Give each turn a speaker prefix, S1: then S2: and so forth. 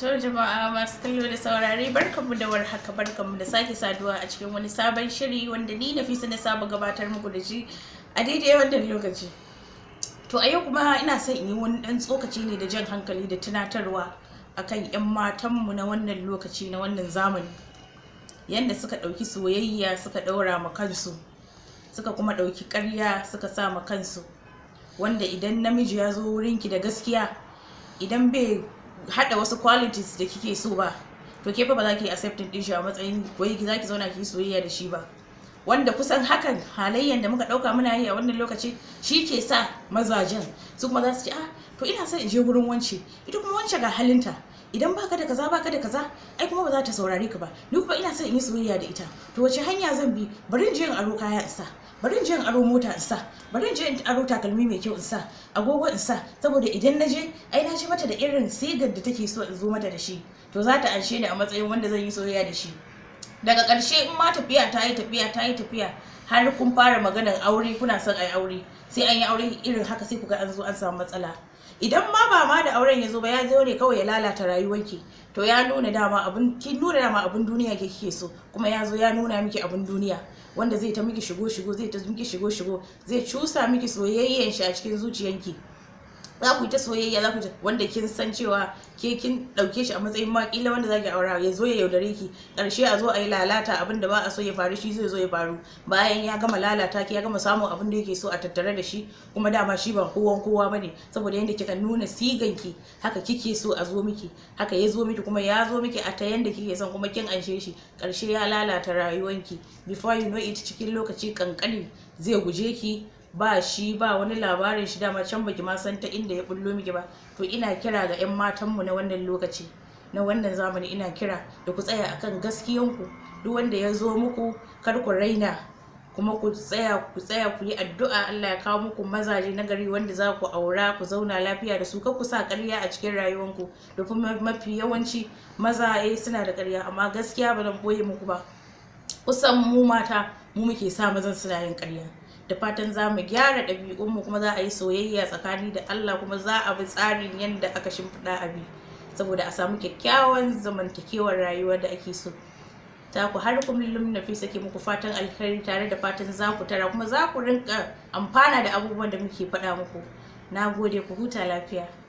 S1: To jama'a masu kallo da saurare barkanmu da warhaka barkanmu da sake saduwa a cikin wani sabon shiri wanda ni na fisa na saba gabatar muku da shi a daidai wannan lokaci. To a yau kuma ina son in yi wani ɗan tsokaci ne da jan hankali da tunatarwa akan 'yan matanmu na wannan lokaci na wannan zamani. Yanda suka ɗauki soyayya suka ɗaura ma kansu suka kuma ɗauki ƙarya suka sa ma kansu wanda idan namiji ya zo wurinki da gaskiya idan bai hada wasu qualities da kike so ba to ke fa ba za ki accepting din shi a matsayin wai za ki zauna ki soyayya da shi ba wanda kusan hakan halayyan da muka dauka muna yi a wannan lokaci shi ke sa mazajen su kuma za su ce ah to ina son in je wurin wance ita kuma wance ga halinta idan baka da kaza baka da kaza ai kuma ba za ta saurare ka ba ni kuma ina son in yi soyayya da ita to wace hanya zan bi bari in je in aro kaya isa bari in je in aro mota in sa bari in je in aro takalmi mai kyau in sa agogo in sa saboda idan na je ai na ce mata da irin sigar da take so in zo mata da shi to za ta anshe ni a matsayin wanda zan yi soyayya da shi daga ƙarshe in ma tafiya ta yi tafiya ta yi tafiya har kun fara maganar aure kuna son ai aure sai an yi auren irin haka sai ku ga an zo an samu matsala idan ma ba ma da auren ya zo ba ya zo ne kawai ya lalata rayuwarki to ya nuna dama abun ki nuna dama abun duniya ke kike so kuma ya zo ya nuna miki abun duniya wanda zai ta miki shigo shigo zai ta miki shigo shigo zai cusa miki soyayyen shi a cikin zuciyarki. za ku yi ta soyayya za ku ta wanda kin san cewa ke kin dauke shi a matsayin ma kila wanda zaki aura ya zo ya yaudare ki karshe a zo a yi lalata abin da ba a so ya faru shi zai zo ya faru bayan ya gama lalata ki ya gama samun abin da yake so a tattare da shi kuma dama shi ba kowan kowa bane saboda yanda kika nuna sigan ki haka kike so a zo miki haka ya zo miki kuma ya zo miki a ta yanda kike son kuma kin anshe shi karshe ya lalata rayuwanki before you know it cikin lokaci kankani zai guje ki ba shi ba wani labarin shi dama can baki ma san ta inda ya bullo miki ba to ina kira ga 'yan mu na wannan lokaci na wannan zamani ina kira da ku tsaya akan gaskiyanku duk wanda ya zo muku kar ku raina kuma ku tsaya ku tsaya ku yi addu'a Allah ya kawo muku mazaje na gari wanda za ku aura ku zauna lafiya da su kar ku sa ƙarya a cikin ku da kuma mafi yawanci mazaje eh, suna da ƙarya amma gaskiya ba zan boye muku ba kusan mu mata mu muke sa mazan suna yin ƙarya da fatan za mu gyara ɗabi'unmu kuma za a yi soyayya tsakani da Allah kuma za a bi tsarin yadda aka shimfiɗa bi, saboda a samu kyakkyawan zamantakewar rayuwa da ake so ta ku har kullum na fi sake muku fatan alheri tare da fatan za ku tara kuma za ku rinka amfana da abubuwan da muke faɗa muku na gode ku huta lafiya